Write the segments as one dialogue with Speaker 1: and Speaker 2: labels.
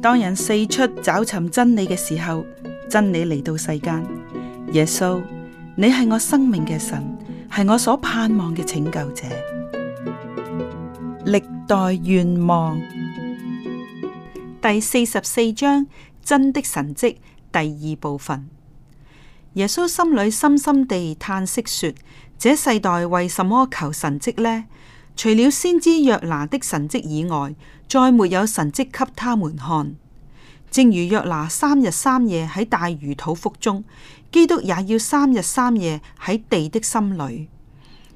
Speaker 1: 當人四出找尋真理嘅時候，真理嚟到世間。耶穌，你係我生命嘅神，係我所盼望嘅拯救者。歷代願望第四十四章，真的神蹟，第二部分。耶穌心裏深深地嘆息說。這世代為什麼求神蹟呢？除了先知約拿的神蹟以外，再沒有神蹟給他們看。正如約拿三日三夜喺大魚肚腹中，基督也要三日三夜喺地的心裏。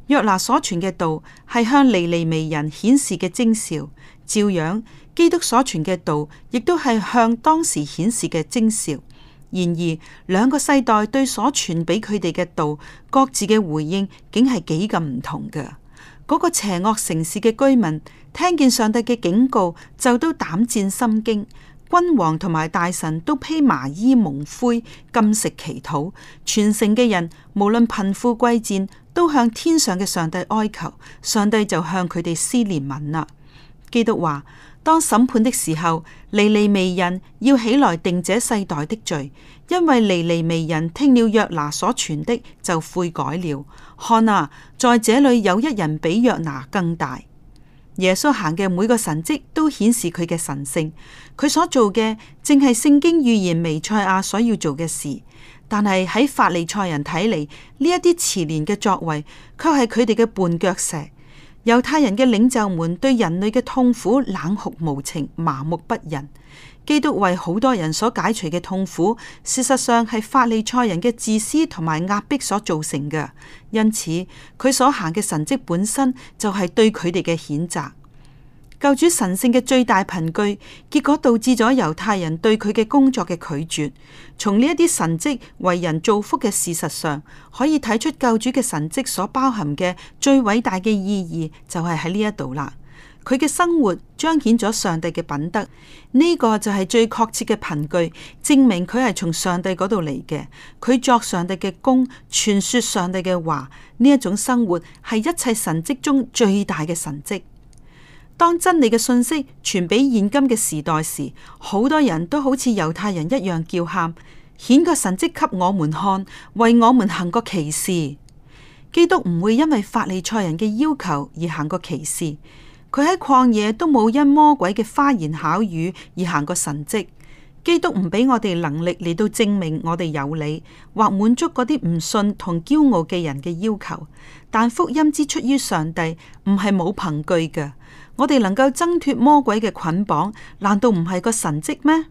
Speaker 1: 約拿所傳嘅道係向尼尼微人顯示嘅徵兆，照樣基督所傳嘅道，亦都係向當時顯示嘅徵兆。然而，兩個世代對所傳俾佢哋嘅道，各自嘅回應，竟係幾咁唔同嘅。嗰個邪惡城市嘅居民聽見上帝嘅警告，就都膽戰心驚；君王同埋大臣都披麻衣蒙灰，禁食祈禱。全城嘅人，無論貧富貴賤，都向天上嘅上帝哀求。上帝就向佢哋施憐憫啦。基督話。當審判的時候，尼利微人要起來定這世代的罪，因為尼尼微人聽了約拿所傳的就悔改了。看啊，在這裏有一人比約拿更大。耶穌行嘅每個神蹟都顯示佢嘅神性，佢所做嘅正係聖經預言彌賽亞所要做嘅事。但係喺法利賽人睇嚟，呢一啲慈年嘅作為，卻係佢哋嘅絆腳石。猶太人嘅領袖們對人類嘅痛苦冷酷無情，麻木不仁。基督為好多人所解除嘅痛苦，事實上係法利賽人嘅自私同埋壓迫所造成嘅。因此，佢所行嘅神迹本身就係對佢哋嘅譴責。救主神聖嘅最大憑據，結果導致咗猶太人對佢嘅工作嘅拒絕。從呢一啲神跡為人造福嘅事實上，可以睇出救主嘅神跡所包含嘅最偉大嘅意義就，就係喺呢一度啦。佢嘅生活彰顯咗上帝嘅品德，呢、這個就係最確切嘅憑據，證明佢係從上帝嗰度嚟嘅。佢作上帝嘅功，傳說上帝嘅話，呢一種生活係一切神跡中最大嘅神跡。當真理嘅信息傳俾現今嘅時代時，好多人都好似猶太人一樣叫喊，顯個神蹟給我們看，為我們行個奇事。基督唔會因為法利賽人嘅要求而行個奇事，佢喺曠野都冇因魔鬼嘅花言巧語而行個神蹟。基督唔俾我哋能力嚟到證明我哋有理或滿足嗰啲唔信同驕傲嘅人嘅要求，但福音之出於上帝，唔係冇憑據嘅。我哋能夠掙脱魔鬼嘅捆綁，難道唔係個神蹟咩？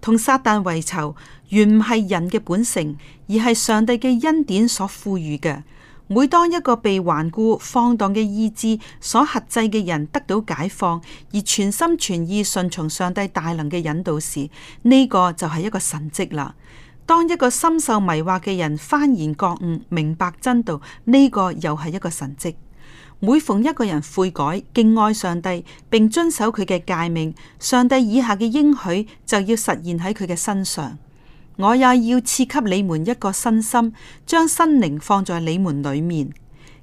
Speaker 1: 同撒旦為仇，原唔係人嘅本性，而係上帝嘅恩典所賦予嘅。每當一個被頑固放蕩嘅意志所轄制嘅人得到解放，而全心全意順從上帝大能嘅引導時，呢個就係一個神蹟啦。當一個深受迷惑嘅人幡然覺悟、明白真道，呢個又係一個神蹟。每逢一個人悔改，敬愛上帝，並遵守佢嘅誡命，上帝以下嘅應許就要實現喺佢嘅身上。我也要賜給你們一個新心，將新靈放在你們裏面。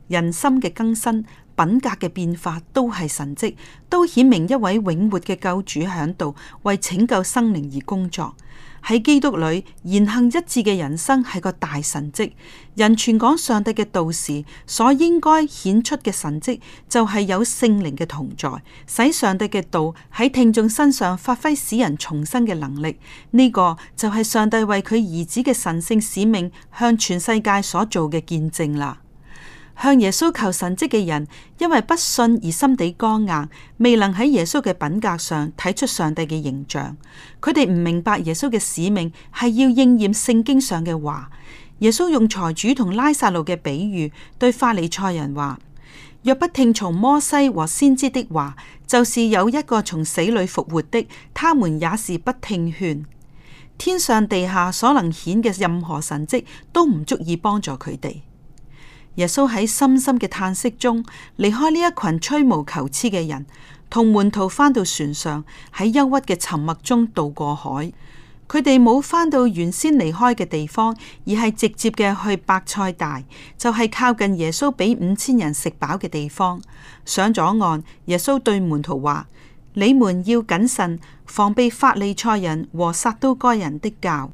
Speaker 1: 人心嘅更新、品格嘅變化，都係神跡，都顯明一位永活嘅救主響度為拯救生靈而工作。喺基督裏言行一致嘅人生係個大神蹟，人傳講上帝嘅道時所應該顯出嘅神蹟就係有聖靈嘅同在，使上帝嘅道喺聽眾身上發揮使人重生嘅能力。呢個就係上帝為佢兒子嘅神聖使命向全世界所做嘅見證啦。向耶穌求神迹嘅人，因為不信而心地剛硬，未能喺耶穌嘅品格上睇出上帝嘅形象。佢哋唔明白耶穌嘅使命係要應驗聖經上嘅話。耶穌用財主同拉撒路嘅比喻對法利賽人話：若不聽從摩西和先知的話，就是有一個從死裏復活的，他們也是不聽勸。天上地下所能顯嘅任何神迹，都唔足以幫助佢哋。耶穌喺深深嘅嘆息中離開呢一群吹毛求疵嘅人，同門徒翻到船上，喺憂鬱嘅沉默中渡過海。佢哋冇翻到原先離開嘅地方，而係直接嘅去伯賽大，就係靠近耶穌俾五千人食飽嘅地方。上咗岸，耶穌對門徒話：你們要謹慎，防備法利賽人和撒都該人的教。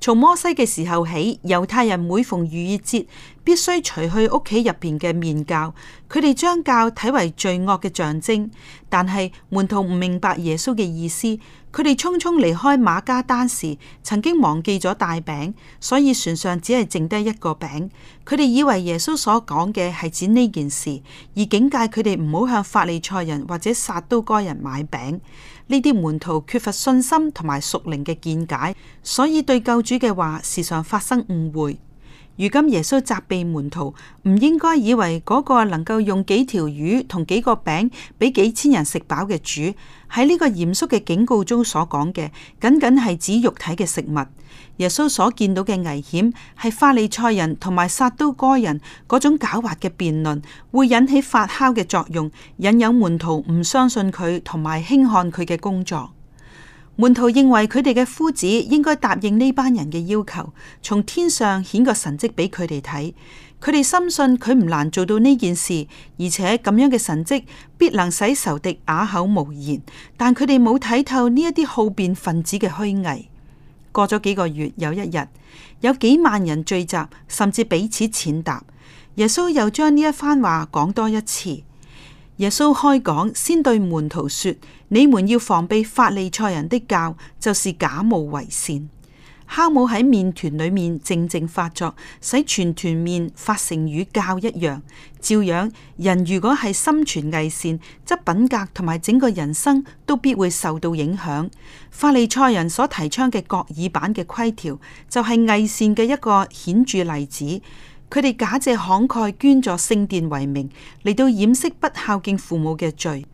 Speaker 1: 從摩西嘅時候起，猶太人每逢逾越節必須除去屋企入邊嘅麵酵。佢哋將酵睇為罪惡嘅象徵。但係門徒唔明白耶穌嘅意思，佢哋匆匆離開馬加丹時，曾經忘記咗大餅，所以船上只係剩低一個餅。佢哋以為耶穌所講嘅係指呢件事，而警戒佢哋唔好向法利賽人或者撒都該人買餅。呢啲門徒缺乏信心同埋屬靈嘅見解，所以對救主嘅話時常發生誤會。如今耶穌責備門徒，唔應該以為嗰個能夠用幾條魚同幾個餅俾幾千人食飽嘅主，喺呢個嚴肅嘅警告中所講嘅，僅僅係指肉體嘅食物。耶穌所見到嘅危險係法利賽人同埋撒都該人嗰種狡猾嘅辯論，會引起發酵嘅作用，引誘門徒唔相信佢同埋輕看佢嘅工作。門徒認為佢哋嘅夫子應該答應呢班人嘅要求，從天上顯個神跡俾佢哋睇。佢哋深信佢唔難做到呢件事，而且咁樣嘅神跡必能使仇敵啞口無言。但佢哋冇睇透呢一啲好辯分子嘅虛偽。過咗幾個月，有一日，有幾萬人聚集，甚至彼此踐踏。耶穌又將呢一番話講多一次。耶穌開講，先對門徒說：你們要防備法利賽人的教，就是假冒為善。酵母喺麵團裏面靜靜發作，使全團麵發成如教一樣。照樣，人如果係心存偽善，則品格同埋整個人生都必會受到影響。法利賽人所提倡嘅各耳板嘅規條，就係、是、偽善嘅一個顯著例子。佢哋假借慷慨捐助聖殿為名，嚟到掩飾不孝敬父母嘅罪。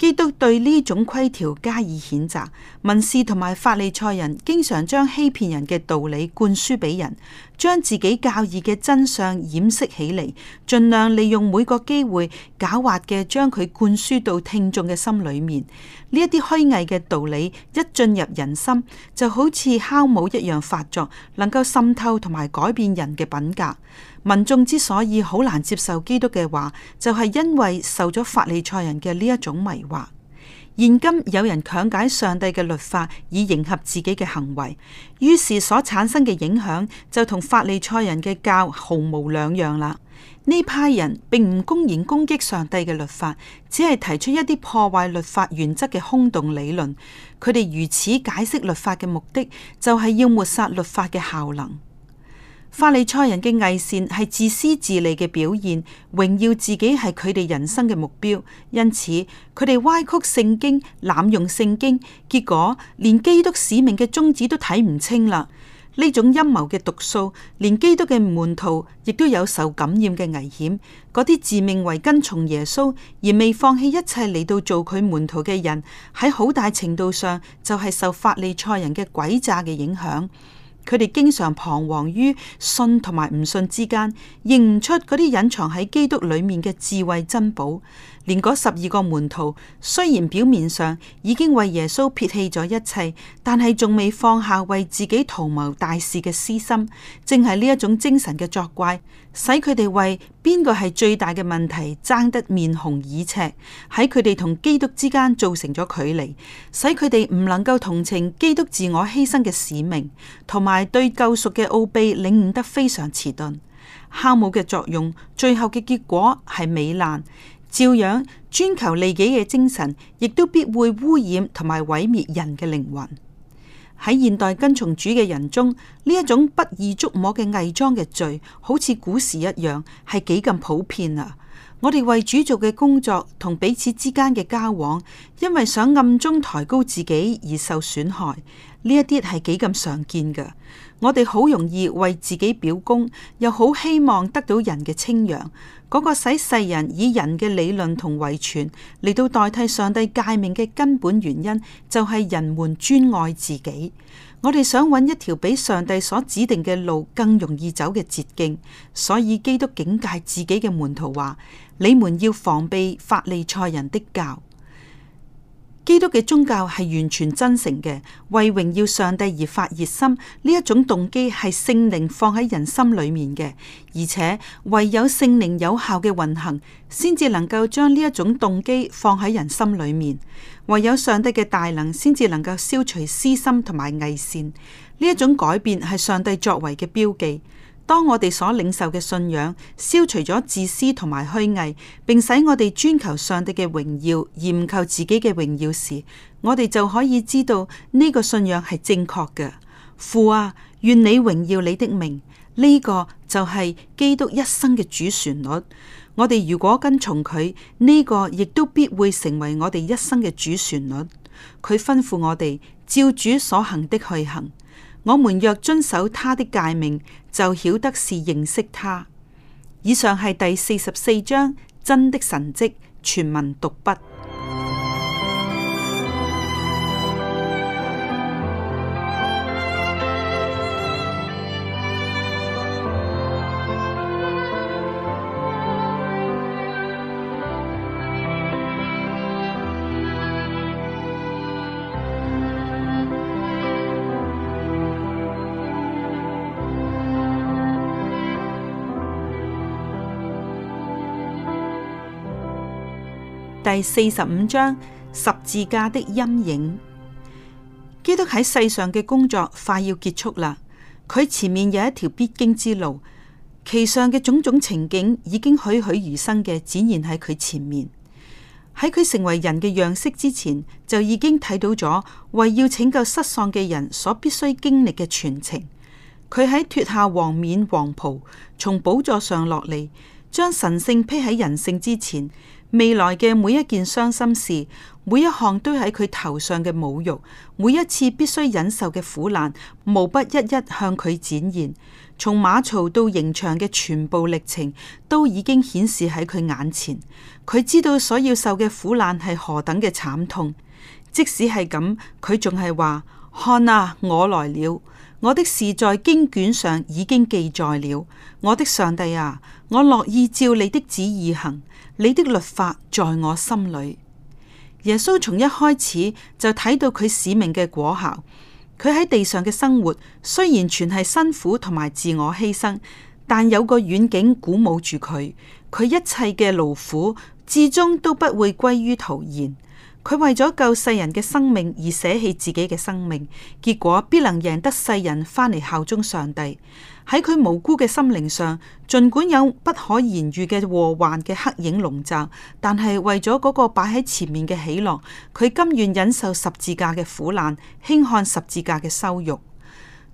Speaker 1: 基督對呢種規條加以譴責，文士同埋法利賽人經常將欺騙人嘅道理灌輸俾人，將自己教義嘅真相掩飾起嚟，盡量利用每個機會狡猾嘅將佢灌輸到聽眾嘅心裏面。呢一啲虛偽嘅道理一進入人心，就好似酵母一樣發作，能夠滲透同埋改變人嘅品格。民眾之所以好難接受基督嘅話，就係因為受咗法利賽人嘅呢一種迷惑。現今有人強解上帝嘅律法，以迎合自己嘅行為，於是所產生嘅影響就同法利賽人嘅教毫無兩樣啦。呢派人並唔公然攻擊上帝嘅律法，只係提出一啲破壞律法原則嘅空洞理論。佢哋如此解釋律法嘅目的，就係要抹殺律法嘅效能。法利賽人嘅偽善係自私自利嘅表現，榮耀自己係佢哋人生嘅目標，因此佢哋歪曲聖經、濫用聖經，結果連基督使命嘅宗旨都睇唔清啦。呢種陰謀嘅毒素，連基督嘅門徒亦都有受感染嘅危險。嗰啲自命為跟從耶穌而未放棄一切嚟,到做佢門徒嘅人，喺好大程度上就係、是、受法利賽人嘅鬼詐嘅影響。佢哋經常彷徨於信同埋唔信之間，認唔出嗰啲隱藏喺基督裏面嘅智慧珍寶。連嗰十二個門徒，雖然表面上已經為耶穌撇棄咗一切，但係仲未放下為自己圖謀大事嘅私心，正係呢一種精神嘅作怪。使佢哋為邊個係最大嘅問題爭得面紅耳赤，喺佢哋同基督之間造成咗距離，使佢哋唔能夠同情基督自我犧牲嘅使命，同埋對救贖嘅奧秘領悟得非常遲鈍。酵母嘅作用，最後嘅結果係糜爛，照樣專求利己嘅精神，亦都必會污染同埋毀滅人嘅靈魂。喺現代跟從主嘅人中，呢一種不易捉摸嘅偽裝嘅罪，好似古時一樣，係幾咁普遍啊！我哋為主做嘅工作同彼此之間嘅交往，因為想暗中抬高自己而受損害。呢一啲係幾咁常見嘅，我哋好容易為自己表功，又好希望得到人嘅稱揚。嗰、那個使世人以人嘅理論同遺傳嚟到代替上帝誡命嘅根本原因，就係、是、人們專愛自己。我哋想揾一條比上帝所指定嘅路更容易走嘅捷徑，所以基督警戒自己嘅門徒話：你們要防備法利賽人的教。基督嘅宗教係完全真誠嘅，為榮耀上帝而發熱心，呢一種動機係聖靈放喺人心裏面嘅，而且唯有聖靈有效嘅運行，先至能夠將呢一種動機放喺人心裏面。唯有上帝嘅大能，先至能夠消除私心同埋偽善，呢一種改變係上帝作為嘅標記。當我哋所領受嘅信仰消除咗自私同埋虛偽，並使我哋專求上帝嘅榮耀而唔求自己嘅榮耀時，我哋就可以知道呢個信仰係正確嘅。父啊，願你榮耀你的名。呢個就係基督一生嘅主旋律。我哋如果跟從佢，呢個亦都必會成為我哋一生嘅主旋律。佢吩咐我哋照主所行的去行。我們若遵守他的誡命，就曉得是認識他。以上係第四十四章真的神蹟全文讀畢。第四十五章十字架的陰影，基督喺世上嘅工作快要結束啦。佢前面有一條必經之路，其上嘅種種情景已經栩栩如生嘅展現喺佢前面。喺佢成為人嘅樣式之前，就已經睇到咗為要拯救失喪嘅人所必須經歷嘅全程。佢喺脱下黃冕黃袍，從寶座上落嚟，將神聖披喺人性之前。未來嘅每一件傷心事，每一項堆喺佢頭上嘅侮辱，每一次必須忍受嘅苦難，無不一一向佢展現。從馬槽到刑場嘅全部歷程，都已經顯示喺佢眼前。佢知道所要受嘅苦難係何等嘅慘痛，即使係咁，佢仲係話：「看啊，我來了，我的事在經卷上已經記載了，我的上帝啊！」我樂意照你的旨意行，你的律法在我心裡。耶穌從一開始就睇到佢使命嘅果效，佢喺地上嘅生活雖然全係辛苦同埋自我犧牲，但有個遠景鼓舞住佢，佢一切嘅勞苦至終都不會歸於徒然。佢為咗救世人嘅生命而捨棄自己嘅生命，結果必能贏得世人翻嚟效忠上帝。喺佢無辜嘅心靈上，盡管有不可言喻嘅禍患嘅黑影籠罩，但係為咗嗰個擺喺前面嘅喜樂，佢甘願忍受十字架嘅苦難，輕看十字架嘅羞辱。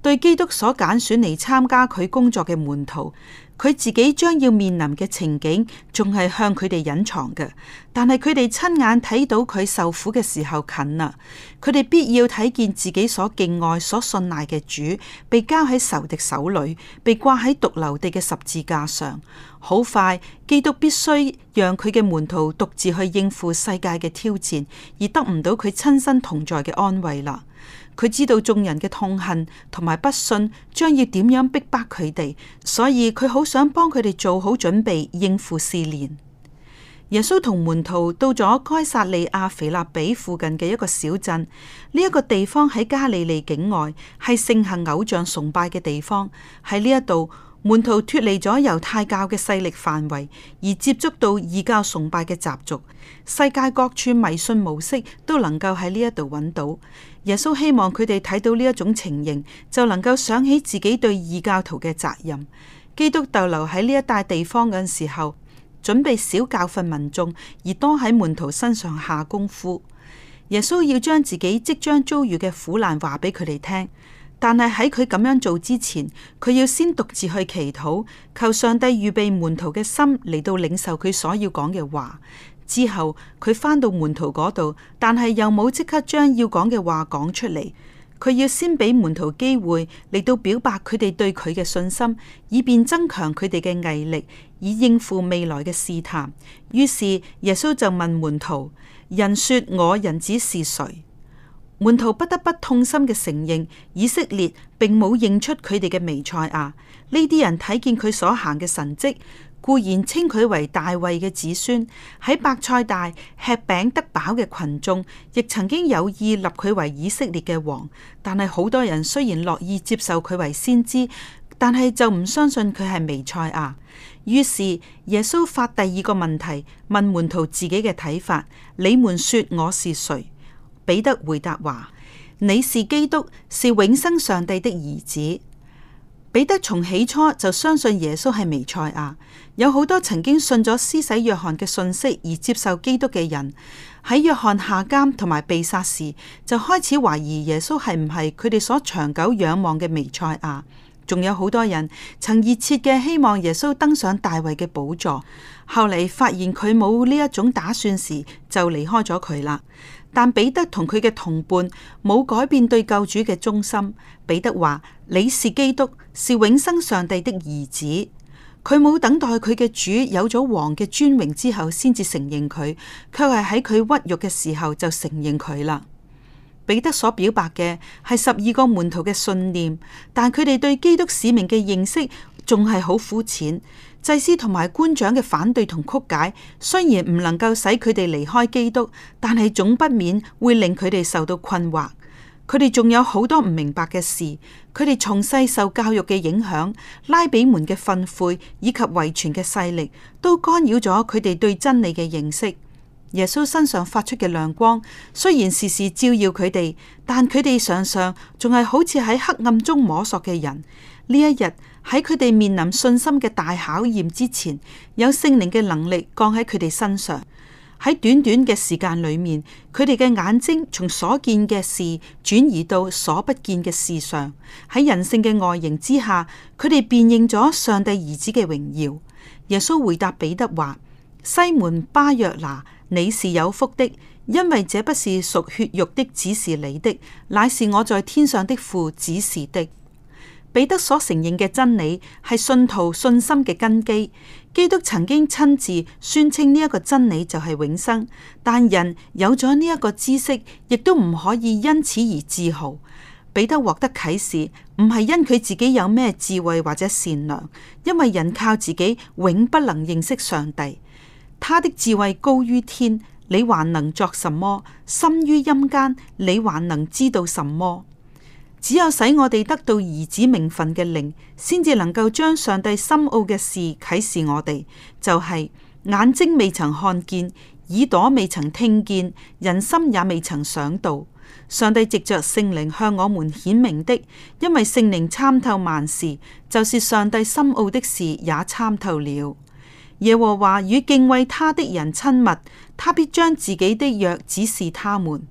Speaker 1: 對基督所揀選嚟參加佢工作嘅門徒。佢自己將要面臨嘅情景，仲係向佢哋隱藏嘅。但係佢哋親眼睇到佢受苦嘅時候近啦，佢哋必要睇見自己所敬愛、所信賴嘅主，被交喺仇敵手裏，被掛喺髑髏地嘅十字架上。好快，基督必須讓佢嘅門徒獨自去應付世界嘅挑戰，而得唔到佢親身同在嘅安慰啦。佢知道眾人嘅痛恨同埋不信，將要點樣逼迫佢哋，所以佢好想幫佢哋做好準備應付試煉。耶穌同門徒到咗該撒利亞腓立比附近嘅一個小鎮，呢、這、一個地方喺加利利境外，係盛行偶像崇拜嘅地方，喺呢一度。門徒脫離咗猶太教嘅勢力範圍，而接觸到異教崇拜嘅習俗，世界各處迷信模式都能夠喺呢一度揾到。耶穌希望佢哋睇到呢一種情形，就能夠想起自己對異教徒嘅責任。基督逗留喺呢一帶地方嘅時候，準備少教訓民眾，而多喺門徒身上下功夫。耶穌要將自己即將遭遇嘅苦難話俾佢哋聽。但係喺佢咁樣做之前，佢要先獨自去祈禱，求上帝預備門徒嘅心嚟到領受佢所要講嘅話。之後佢翻到門徒嗰度，但係又冇即刻將要講嘅話講出嚟。佢要先俾門徒機會嚟到表白佢哋對佢嘅信心，以便增強佢哋嘅毅力，以應付未來嘅試探。於是耶穌就問門徒：人說我人子是誰？門徒不得不痛心嘅承認，以色列並冇認出佢哋嘅彌賽亞。呢啲人睇見佢所行嘅神蹟，固然稱佢為大衛嘅子孫；喺伯賽大吃餅得飽嘅群眾，亦曾經有意立佢為以色列嘅王。但係好多人雖然樂意接受佢為先知，但係就唔相信佢係彌賽亞。於是耶穌發第二個問題，問門徒自己嘅睇法：你們說我是誰？彼得回答話：「你是基督，是永生上帝的兒子。彼得從起初就相信耶穌係彌賽亞。有好多曾經信咗施洗約翰嘅訊息而接受基督嘅人，喺約翰下監同埋被殺時，就開始懷疑耶穌係唔係佢哋所長久仰望嘅彌賽亞。仲有好多人曾熱切嘅希望耶穌登上大衛嘅寶座，後嚟發現佢冇呢一種打算時，就離開咗佢啦。但彼得同佢嘅同伴冇改變對救主嘅忠心。彼得話：你是基督，是永生上帝的兒子。佢冇等待佢嘅主有咗王嘅尊榮之後，先至承認佢，卻係喺佢屈辱嘅時候就承認佢啦。彼得所表白嘅係十二個門徒嘅信念，但佢哋對基督使命嘅認識仲係好膚淺。祭司同埋官長嘅反對同曲解，雖然唔能夠使佢哋離開基督，但係總不免會令佢哋受到困惑。佢哋仲有好多唔明白嘅事。佢哋從細受教育嘅影響，拉比們嘅訓誨以及遺傳嘅勢力，都干擾咗佢哋對真理嘅認識。耶穌身上發出嘅亮光，雖然時時照耀佢哋，但佢哋常常仲係好似喺黑暗中摸索嘅人。呢一日喺佢哋面臨信心嘅大考驗之前，有聖靈嘅能力降喺佢哋身上。喺短短嘅時間裏面，佢哋嘅眼睛從所見嘅事轉移到所不見嘅事上。喺人性嘅外形之下，佢哋辨認咗上帝兒子嘅榮耀。耶穌回答彼得話：西門巴約拿，你是有福的，因為這不是屬血肉的，只是你的，乃是我在天上的父指示的。彼得所承認嘅真理係信徒信心嘅根基。基督曾經親自宣稱呢一個真理就係永生，但人有咗呢一個知識，亦都唔可以因此而自豪。彼得獲得啟示，唔係因佢自己有咩智慧或者善良，因為人靠自己永不能認識上帝。他的智慧高於天，你還能作什麼？深於陰間，你還能知道什麼？只有使我哋得到兒子名分嘅靈，先至能夠將上帝深奧嘅事啟示我哋。就係、是、眼睛未曾看見，耳朵未曾聽見，人心也未曾想到。上帝藉着聖靈向我們顯明的，因為聖靈參透萬事，就是上帝深奧的事也參透了。耶和華與敬畏他的人親密，他必將自己的約指示他們。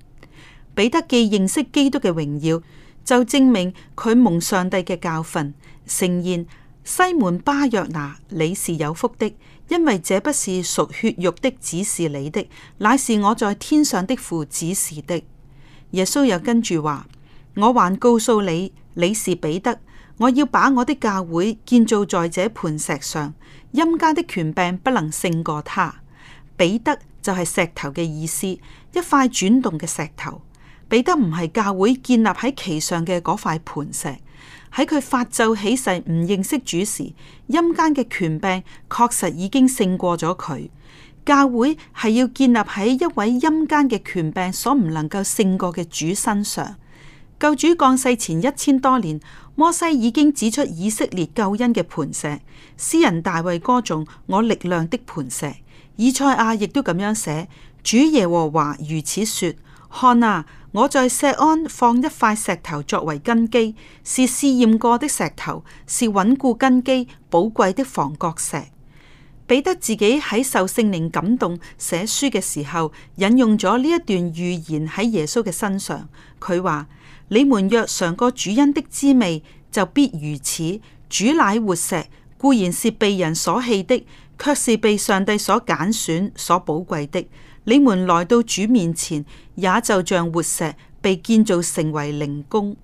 Speaker 1: 彼得既認識基督嘅榮耀。就證明佢蒙上帝嘅教訓。誠然：西門巴約拿，你是有福的，因為這不是屬血肉的指示你的，乃是我在天上的父指示的。耶穌又跟住話：我還告訴你，你是彼得，我要把我的教會建造在這磐石上，陰間的權柄不能勝過他。彼得就係石頭嘅意思，一塊轉動嘅石頭。彼得唔係教會建立喺其上嘅嗰塊磐石，喺佢發咒起誓唔認識主時，陰間嘅權柄確實已經勝過咗佢。教會係要建立喺一位陰間嘅權柄所唔能夠勝過嘅主身上。舊主降世前一千多年，摩西已經指出以色列救恩嘅磐石。詩人大衛歌頌我力量的磐石，以賽亞亦都咁樣寫。主耶和華如此說：看啊！我在錫安放一塊石頭作為根基，是試驗過的石頭，是穩固根基寶貴的房角石。彼得自己喺受聖靈感動寫書嘅時候，引用咗呢一段預言喺耶穌嘅身上。佢話：你們若嘗過主恩的滋味，就必如此。主乃活石固然是被人所棄的，卻是被上帝所揀選所寶貴的。你們來到主面前，也就像活石被建造成為靈宮，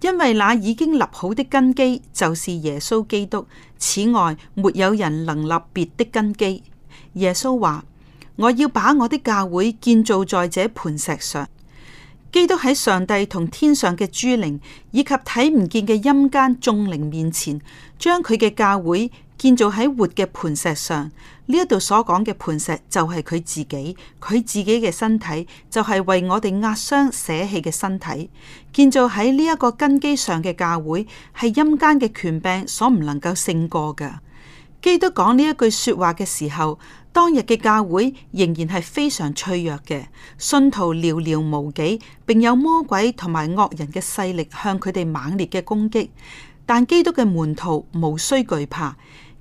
Speaker 1: 因為那已經立好的根基就是耶穌基督。此外，沒有人能立別的根基。耶穌話：我要把我的教會建造在這磐石上。基督喺上帝同天上嘅諸靈以及睇唔見嘅陰間眾靈面前，將佢嘅教會。建造喺活嘅磐石上，呢一度所講嘅磐石就係佢自己，佢自己嘅身體就係為我哋壓傷捨棄嘅身體。建造喺呢一個根基上嘅教會，係陰間嘅權柄所唔能夠勝過嘅。基督講呢一句說話嘅時候，當日嘅教會仍然係非常脆弱嘅，信徒寥寥無幾，並有魔鬼同埋惡人嘅勢力向佢哋猛烈嘅攻擊。但基督嘅門徒無需懼怕。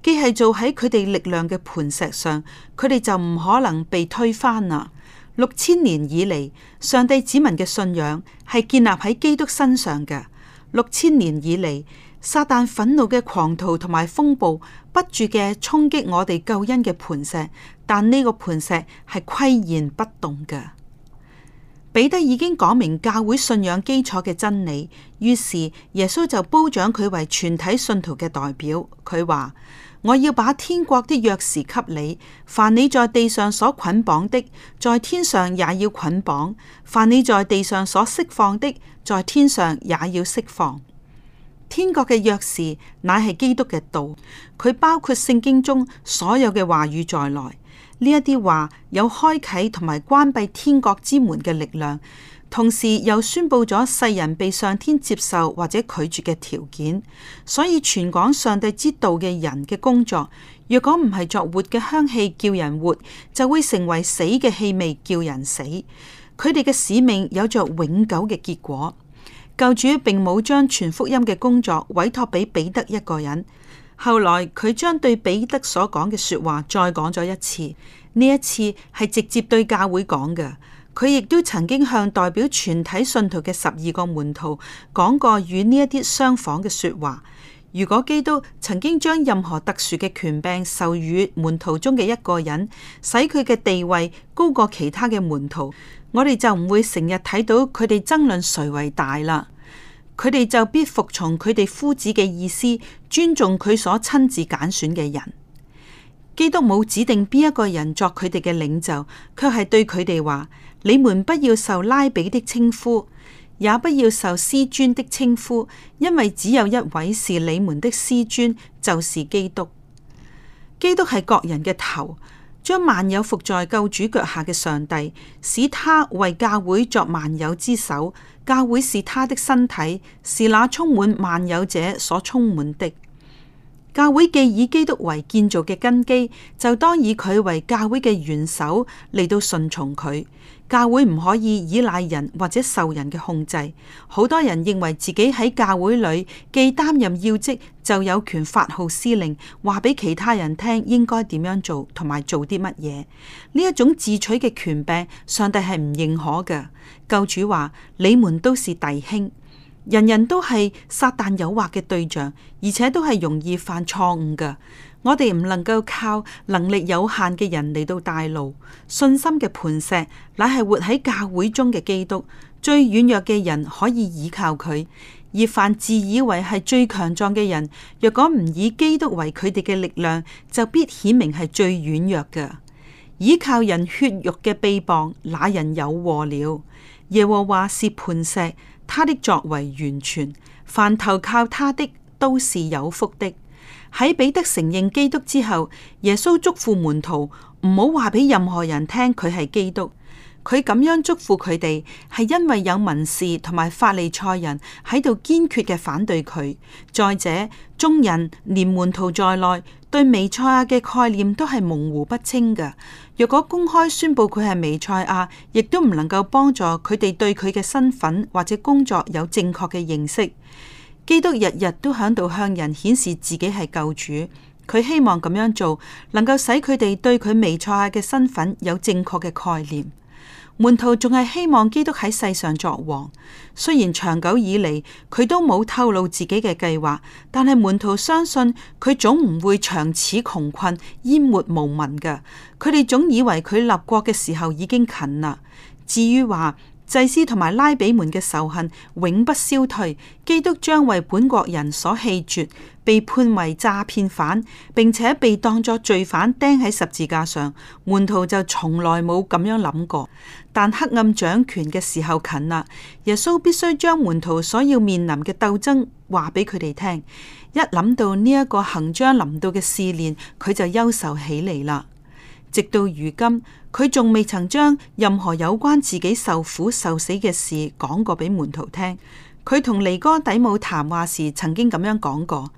Speaker 1: 既係做喺佢哋力量嘅磐石上，佢哋就唔可能被推翻啦。六千年以嚟，上帝子民嘅信仰係建立喺基督身上嘅。六千年以嚟，撒旦憤怒嘅狂徒同埋風暴不住嘅衝擊我哋救恩嘅磐石，但呢個磐石係巋然不動嘅。彼得已經講明教會信仰基礎嘅真理，於是耶穌就褒獎佢為全體信徒嘅代表。佢話：我要把天國的鑰匙給你，凡你在地上所捆綁的，在天上也要捆綁；凡你在地上所釋放的，在天上也要釋放。天國嘅鑰匙乃係基督嘅道，佢包括聖經中所有嘅話語在內。呢一啲話有開啟同埋關閉天國之門嘅力量。同時又宣佈咗世人被上天接受或者拒絕嘅條件，所以傳講上帝之道嘅人嘅工作，若果唔係作活嘅香氣叫人活，就會成為死嘅氣味叫人死。佢哋嘅使命有着永久嘅結果。救主並冇將全福音嘅工作委託俾彼得一個人，後來佢將對彼得所講嘅說話再講咗一次，呢一次係直接對教會講嘅。佢亦都曾經向代表全體信徒嘅十二個門徒講過與呢一啲相仿嘅說話。如果基督曾經將任何特殊嘅權柄授予門徒中嘅一個人，使佢嘅地位高過其他嘅門徒，我哋就唔會成日睇到佢哋爭論誰為大啦。佢哋就必服從佢哋夫子嘅意思，尊重佢所親自揀選嘅人。基督冇指定邊一個人作佢哋嘅領袖，卻係對佢哋話。你們不要受拉比的稱呼，也不要受師尊的稱呼，因為只有一位是你們的師尊，就是基督。基督係各人嘅頭，將萬有服在救主腳下嘅上帝，使他為教會作萬有之首。教會是他的身體，是那充滿萬有者所充滿的。教會既以基督為建造嘅根基，就當以佢為教會嘅元首嚟到順從佢。教會唔可以依賴人或者受人嘅控制。好多人認為自己喺教會裏既、既擔任要職，就有權發號施令，話俾其他人聽應該點樣做同埋做啲乜嘢。呢一種自取嘅權柄，上帝係唔認可嘅。救主話，你們都是弟兄。人人都係撒旦誘惑嘅對象，而且都係容易犯錯誤㗎。我哋唔能夠靠能力有限嘅人嚟到帶路，信心嘅磐石乃係活喺教會中嘅基督。最軟弱嘅人可以倚靠佢，而凡自以為係最強壯嘅人，若果唔以基督為佢哋嘅力量，就必顯明係最軟弱嘅。倚靠人血肉嘅臂膀，那人有禍了。耶和華是磐石。他的作為完全，凡投靠他的，都是有福的。喺彼得承認基督之後，耶穌囑咐門徒唔好話俾任何人聽佢係基督。佢咁樣祝福佢哋，係因為有文士同埋法利賽人喺度堅決嘅反對佢。再者，眾人連門徒在內對彌賽亞嘅概念都係模糊不清嘅。若果公開宣布佢係彌賽亞，亦都唔能夠幫助佢哋對佢嘅身份或者工作有正確嘅認識。基督日日都響度向人顯示自己係救主，佢希望咁樣做能夠使佢哋對佢彌賽亞嘅身份有正確嘅概念。門徒仲係希望基督喺世上作王，雖然長久以嚟，佢都冇透露自己嘅計劃，但係門徒相信佢總唔會長此窮困淹沒無聞嘅。佢哋總以為佢立國嘅時候已經近啦。至於話。祭司同埋拉比們嘅仇恨永不消退，基督將為本國人所棄絕，被判為詐騙犯，並且被當作罪犯釘喺十字架上。門徒就從來冇咁樣諗過，但黑暗掌權嘅時候近啦，耶穌必須將門徒所要面臨嘅鬥爭話俾佢哋聽。一諗到呢一個行將臨到嘅試煉，佢就憂愁起嚟啦。直到如今，佢仲未曾將任何有關自己受苦受死嘅事講過俾門徒聽。佢同尼哥底母談話時，曾經咁樣講過：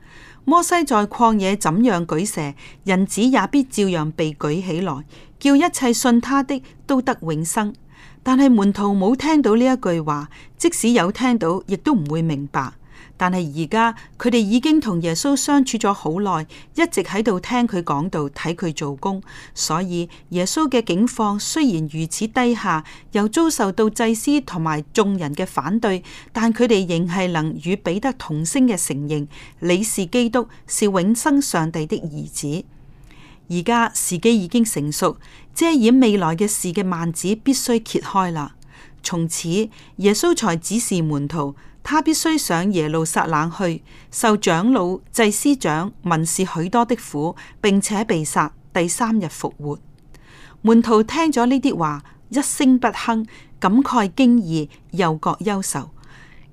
Speaker 1: 摩西在曠野怎樣舉蛇，人子也必照樣被舉起來，叫一切信他的都得永生。但係門徒冇聽到呢一句話，即使有聽到，亦都唔會明白。但係而家佢哋已經同耶穌相處咗好耐，一直喺度聽佢講道，睇佢做工。所以耶穌嘅境況雖然如此低下，又遭受到祭司同埋眾人嘅反對，但佢哋仍係能與彼得同聲嘅承認，你是基督，是永生上帝的兒子。而家時機已經成熟，遮掩未來嘅事嘅幔子必須揭開啦。從此耶穌才指示門徒。他必須上耶路撒冷去受長老、祭司長、文士許多的苦，並且被殺，第三日復活。門徒聽咗呢啲話，一聲不吭，感慨驚異，又覺憂愁。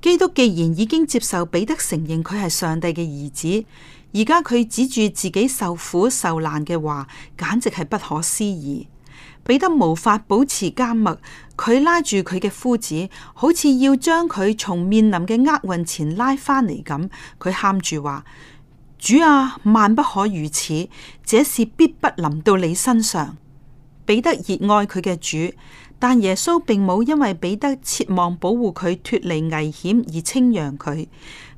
Speaker 1: 基督既然已經接受彼得承認佢係上帝嘅兒子，而家佢指住自己受苦受難嘅話，簡直係不可思議。彼得無法保持緘默，佢拉住佢嘅夫子，好似要將佢從面臨嘅厄運前拉翻嚟咁。佢喊住話：主啊，萬不可如此，這事必不臨到你身上。彼得熱愛佢嘅主，但耶穌並冇因為彼得切望保護佢脱離危險而稱揚佢。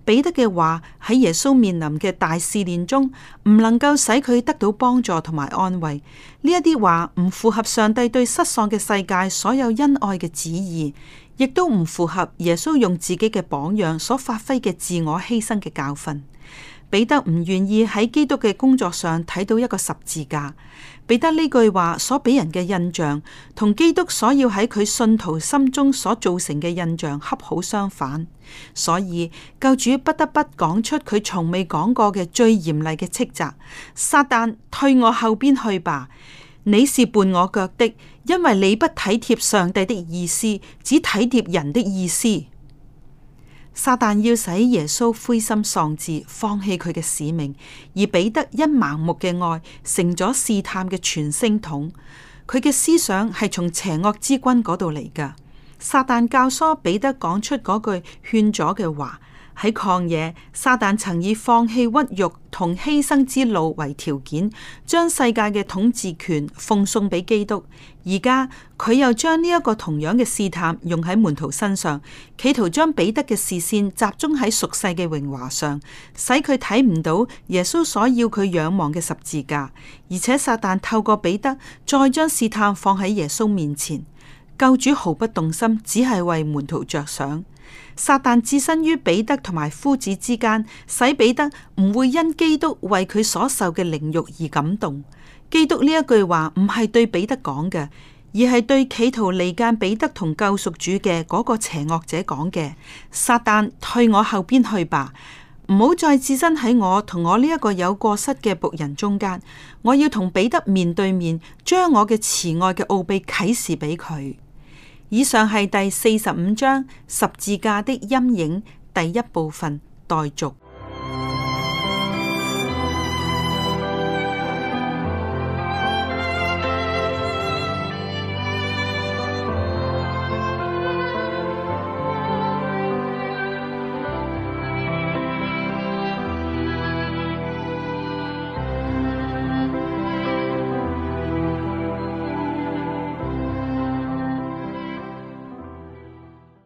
Speaker 1: 彼得嘅話喺耶穌面臨嘅大試煉中，唔能夠使佢得到幫助同埋安慰。呢一啲話唔符合上帝對失喪嘅世界所有恩愛嘅旨意，亦都唔符合耶穌用自己嘅榜樣所發揮嘅自我犧牲嘅教訓。彼得唔願意喺基督嘅工作上睇到一個十字架。彼得呢句話所俾人嘅印象，同基督所要喺佢信徒心中所造成嘅印象恰好相反，所以救主不得不講出佢從未講過嘅最嚴厲嘅斥責：撒旦，退我後邊去吧！你是絆我腳的，因為你不體貼上帝的意思，只體貼人的意思。撒旦要使耶穌灰心喪志，放棄佢嘅使命，而彼得因盲目嘅愛成咗試探嘅傳聲筒。佢嘅思想係從邪惡之軍嗰度嚟㗎。撒旦教唆彼得講出嗰句勸阻嘅話。喺曠野，撒旦曾以放棄屈辱同犧牲之路為條件，將世界嘅統治權奉送俾基督。而家佢又將呢一個同樣嘅試探用喺門徒身上，企圖將彼得嘅視線集中喺俗世嘅榮華上，使佢睇唔到耶穌所要佢仰望嘅十字架。而且撒旦透過彼得，再將試探放喺耶穌面前。救主毫不動心，只係為門徒着想。撒旦置身於彼得同埋夫子之間，使彼得唔會因基督為佢所受嘅凌辱而感動。基督呢一句話唔係對彼得講嘅，而係對企圖離間彼得同救贖主嘅嗰個邪惡者講嘅。撒旦退我後邊去吧，唔好再置身喺我同我呢一個有過失嘅僕人中間。我要同彼得面對面，將我嘅慈愛嘅奧秘啟示俾佢。以上係第四十五章《十字架的陰影》第一部分待續。